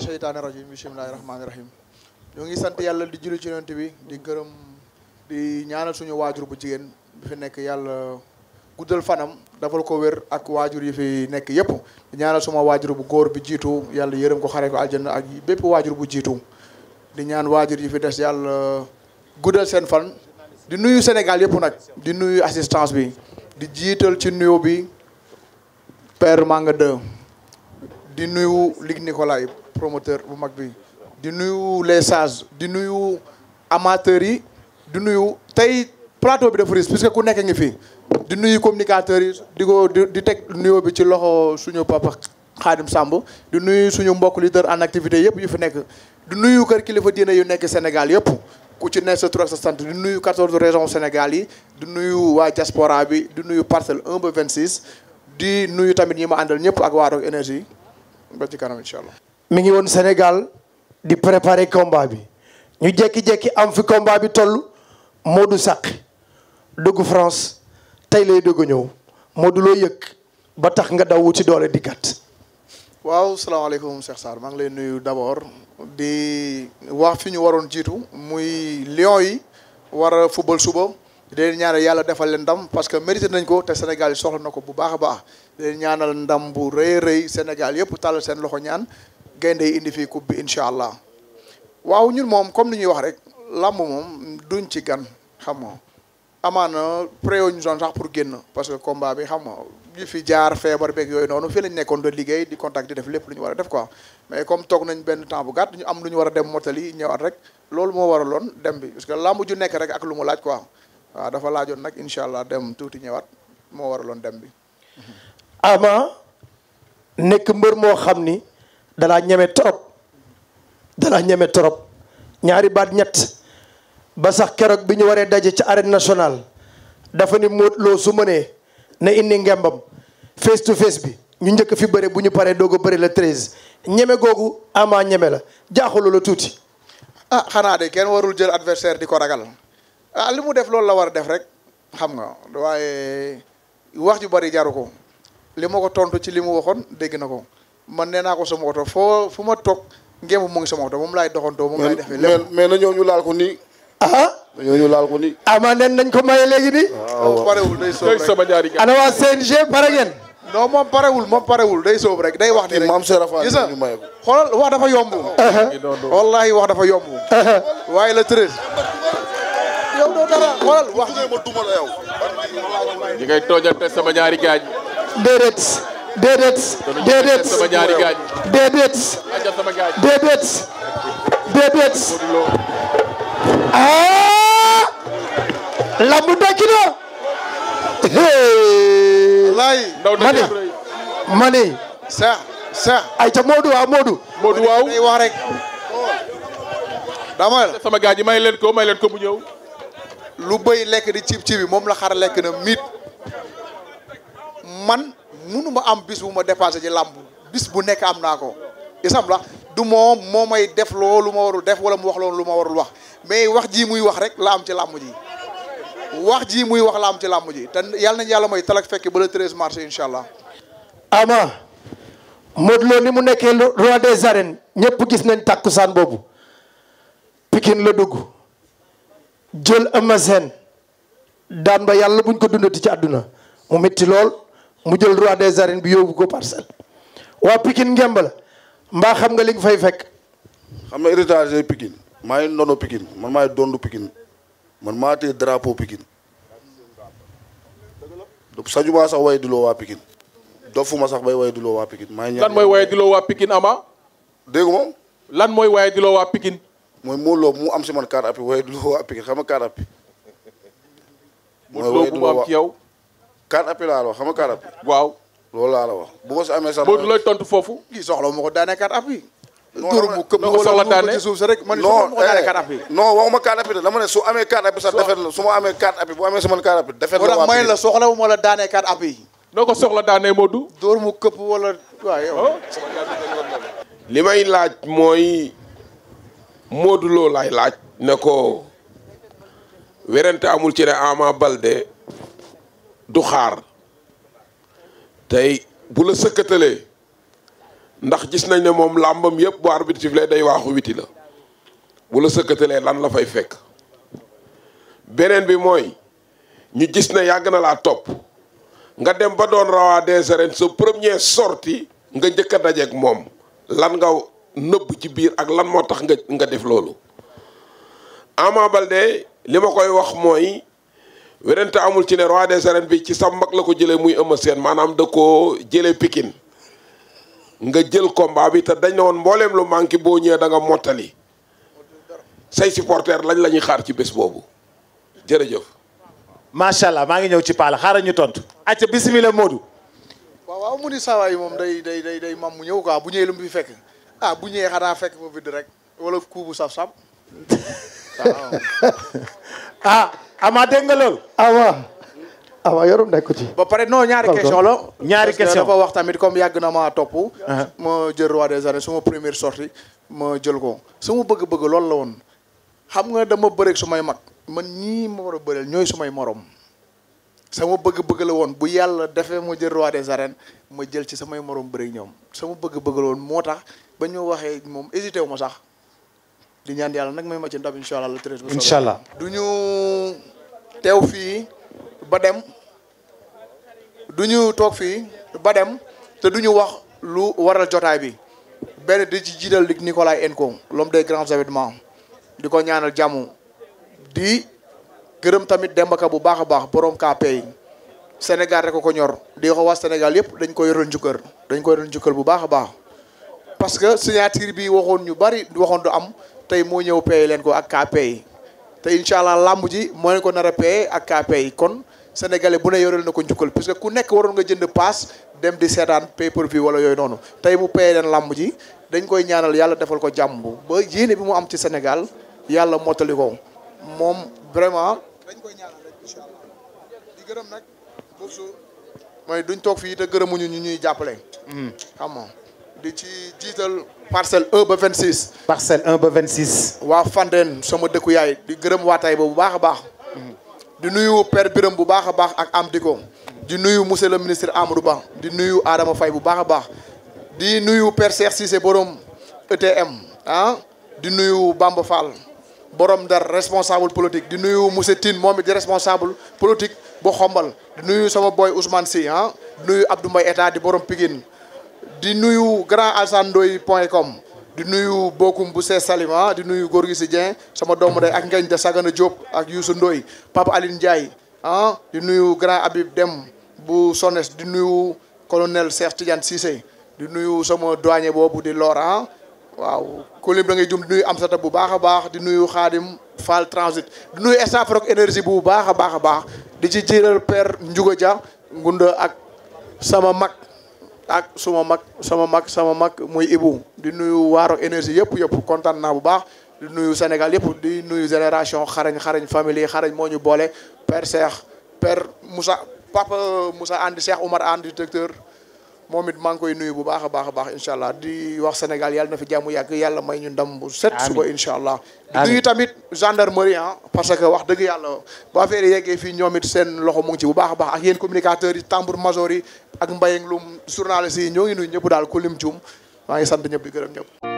mina sheytaani rajim bismillahi rahmaani rahim ñoo ngi sant yàlla di julli ci yonent bi di gërëm di ñaanal suñu waajur bu jigéen bi fi nekk yàlla guddal fanam dafal ko wér ak waajur yi fi nekk yépp di ñaanal suma waajur bu góor bi jiitu yàlla yërëm ko xare ko aljanna ak bépp waajur bu jiitu di ñaan waajur yi fi des yàlla guddal seen fan di nuyu Sénégal yëpp nag di nuyu assistance bi di jiital ci nuyo bi père Manga 2 di nuyu Ligue Nicolas promoteur bu mag bi di nuyu les sages di nuyu amateurs yi di nuyu tey plateau bi dafa riche puisque ku nekk ngi fii di nuyu communicateurs yi di ko di teg nuyoo bi ci loxo suñu papa Xaadim Samb di nuyu suñu mbokk leader en activité yëpp yu fi nekk di nuyu kër kilifa diine yu nekk Sénégal yëpp ku ci nekk sa tur sant di nuyu 14 région Sénégal yi di nuyu waa diaspora bi di nuyu parcelle 1 vingt 26 di nuyu tamit ñi ma àndal ñëpp ak waa Rock ba ci kanam incha allah. mi ngi woon Sénégal di préparer combat bi ñu jékki-jékki am fi combat bi toll Modou sàq dugg France tey lay dugg ñëw Modou loo yëg ba tax nga daw ci doole dikkat. waaw salaamaaleykum Cheikh Sarr maa ngi lay nuyu d'abord di wax fi ñu waroon jiitu muy Lions yi war a football suba di leen ñaanal yàlla defal leen ndam parce que mérité nañ ko te Sénégal yi soxla na ko bu baax a baax di leen ñaanal ndam bu rëy rëy Sénégal yëpp tàllal seen loxo ñaan gaynde yi indi fii coupe bi incha allah waaw ñun moom comme ni ñuy wax rek làmb moom duñ ci gan xam nga amaana préo ñu doon sax pour génn parce que combat bi xam nga fi jaar feebar beeg yooyu noonu fii lañ nekkoon doon liggéey di contact di def lépp lu ñu war def ko mais comme toog nañ benn temps bu gàtt ñu am lu ñu war a dem motali ñëwaat rek loolu moo waraloon dem bi parce que làmb ju nekk rek ak lu mu laaj quoi waaw dafa laajoon nag incha allah dem tuuti ñëwaat moo war loon dem bi. Ama nekk mbër moo xam ni dalaa ñeme trop dalaa ñeme trop ñaari baat ñett ba sax keroog bi ñu waree daje ci arène national dafa ne Modou Lo su mënee na indi ngembam face to face bi ñu njëkk fi bëre bu ñu paree doog a bëre le treize. ñeme googu Ama ñeme la jaaxuloo la tuuti. ah xanaa de kenn warul jël adversaire di ko ragal. ah li mu def loolu la war a def rek xam nga waaye wax ju bari jaru ko li ma ko tontu ci li mu waxoon dégg na ko man nee naa ko sama oto foo fu ma toog ngéem mu ngi moom laay doxantoo moom laay defee lépp mais na ñëw ñu laal ko nii ah ñu laal ko nii ama ah, nañ ko maye léegi nii ah, parewul day soob rek sama ñaari ana waa pare ngeen non moom parewul moom parewul day soob rek day wax ni rek maam Serafa gis nga xoolal wax dafa yomb wallahi wax dafa yomb waaye la treize yow doo dara xoolal wax ma duma la yow ñi ngay toojante sama ñaari gaañ déedéet déedéet déedéet sama ñaari gaañ déedéet sama gaañ déedéet déedéet ah lamb dekki na lay mani mani seex seex ay ca Modou waaw Modou Modou waaw wax rek dama sama gaañ yi may leen ko may leen ko mu ñëw lu bëy lekk di cib cibi moom la xar lekk na miit man munu ma am bis bu ma dépassé ci làmb bis bu nekk am naa ko isam la du moom moo may def loolu ma warul def wala mu wax loolu lu ma warul wax mais wax ji muy wax rek la am ci làmb ji wax jii muy wax la am ci làmb ji te yàlla nañu yàlla mooy talak fekk ba le 13 mars incha allah. ama Modou ni mu nekkee roi des arènes ñëpp gis nañ tàkku tàkkusaan boobu Pikine la dugg. jël Eumeu Sène daan ba yàlla buñ ko dundati ci àdduna mu métti lool mu jël roi des arènes bi yóbbu ko parcelle waa Pikine ngemb la mbaa xam nga li fay fekk. xam nga héritage Pikine maa ngi noonu Pikine man maa dondu Pikine man maa téye drapeau Pikine saju maa sax way diloo waa Pikine dofuma sax bay way diloo waa Pikine. maa ngi lan mooy way diloo waa lan mooy way diloo waa Pikine. mooy Modou Lo mu am si man kaar appui du waa Pikine xam nga kaar ma am yow. kaar appui laa xam nga kaar waaw loolu laalo la wax. bu ko si amee sax Modou looy tontu foofu. kii soxla ma ko daanee kaar appui. tuuru bu këpp ko rek man soxla ma ko eh, daanee kaar appui. non waxuma kaar appui de dama su amee kaar appui sax defet la su ma amee kaar appui bu amee si man kaar appui defet la waa Pikine. la soxla wu ma la daanee kaar appui. noo ko soxla daanee Modou. dóor mu këpp wala waaye yow. Oh. li may laaj mooy Modou Lo laay laaj ne ko werante amul ci ne Ama Baldé du xaar tey bu la sëkkatalee ndax gis nañ ne moom làmbam yëpp bu arbitre sifflé day waaxu witi la bu la sëkkatalee lan la fay fekk beneen bi mooy ñu gis na yàgg na laa topp nga dem ba doon roi des arènes sa première sortie nga njëkk a dajeeg moom lan nga nëpp ci biir ak lan moo tax nga nga def loolu Ama Baldé li ma koy wax mooy werante amul ci ne roi des arènes bi ci sa la ko jëlee muy Eumeu Sène maanaam da koo jële Pikine nga jël combat bi te dañ ne woon mbooleem lu manqué boo ñëwee da nga mottali lañ la ñuy xaar ci bés boobu jërëjëf. macha allah maa ngi ñëw ci Palla xaaral ñu tontu. acca bisimilah Modou. waaw waaw mu ni saawaay moom day day day day mam mu ñëw quoi bu ñëwee lu bi fi fekk. ah bu ñëwee xanaa fekk ma bind rek wala kuu bu saf saf ah amaa dégg nga loolu awa awa yorum ci ba pare non ñaari question la ñaari question dafa wax tamit comme yàgg na ma topp uh-huh. ma jël roi des arènes suma première sortie ma jël ko sama bëgg-bëgg loolu la woon xam nga dama bëreeg su may mag man ñii ma war a bëreel ñooy su moroom sama bëgg-bëgg la woon bu yàlla defee ma jël roi des arènes ma jël ci samay morom bëri ñoom sama bëgg-bëgg la woon moo tax ba ñu waxee moom hésité wu ma sax di ñaan yàlla nag may ma ci ndam incha allah. incha allah du ñu teew fii ba dem du ñu toog fii ba dem te du ñu wax lu waral jotaay bi benn di ci jiital Luc Nicolaï Nko l'homme des grands événements di ko ñaanal jàmm di. gërëm tamit dembaka bu baax a baax borom KP yi Sénégal rek ko ñor di ko waa Sénégal yëpp dañ ko yoroon njukkal dañ ko yoroon njukkal bu baax a baax parce que signature bi waxoon ñu bari waxoon du am tey moo ñëw pay leen ko ak KP yi te incha allah làmb ji moo leen ko nar a ak KP yi kon sénégalais bu ne yore yoreel na ko njukkal parce que ku nekk waroon nga jënd paas dem di seetaan pay per view wala yooyu noonu tey mu pay leen làmb ji dañ koy ñaanal yàlla defal ko jàmm ba yéene bi mu am ci Sénégal yàlla mottali ko moom vraiment. dañ koy ñaanal di gërëm nag mooy duñ toog fii te gërëmuñu ñu ñuy jàppale xam hmm. nga di ci jiital parcelle 1 ba 26. parcelle 1 ba vingt 26. waa Fandène sama dëkku yaay di gërëm waa Taïba bu baax a baax. Hmm. di nuyu père Birame bu baax a baax ak am di ko di nuyu monsieur le ministre Amadou Ba. di nuyu Adama fay bu baax a baax. di nuyu père Cheikh Cissé borom ETM ah di nuyu Bamba Fall. borom dar responsable politique di nuyu monsieur Tine moom it di responsable politique bu xombal di nuyu sama boy Ousmane si ah di nuyu Abdou Mbaye état di borom Pikine di nuyu grand alsan doy point com di nuyu bokkum bu see salima ah. di nuyu góor gi si Dieng sama doomu day ak ngañ da Sagana Diop ak Youssou Ndoye Papa Aline Ndiaye ah di nuyu grand Habib Dem bu Sones di nuyu colonel Cheikh Tidiane Cissé di nuyu sama doyen boobu di Laurent waaw Colim da ngay jum di nuyu Amsata bu baax a baax di nuyu Xaadim Fall Transit di nuyu staff Rock Énergie bu baax a baax a baax di ci jiiral père Ndiouga Dia ngunda ak sama mag ak suma mag sama mag sama mag muy Ibou di nuyu waa Rock Énergie yëpp yëpp kontaan naa bu baax di nuyu Sénégal yëpp di nuyu génération xarañ xarañ famille xarañ moo ñu boole père Cheikh père Moussa papa Moussa Andy Cheikh Oumar Andy directeur moom it maa ngi koy nuyu bu baax a baax a baax incha allah di wax Sénégal yàlla na fi jàmm yàgg yàlla may ñu ndam bu set suba incha allah di nuyu tamit gendarmerie ah parce que wax dëgg yàlla bu affaire yi yeggee fii ñoom it seen loxo mu ngi ci bu baax a baax ak yéen communicateur yi tambour major yi ak mbayeng lum journalistes yi ñoo ngi nuyu ñëpp daal ku lim juum maa ngi sant ñëpp di gërëm ñëpp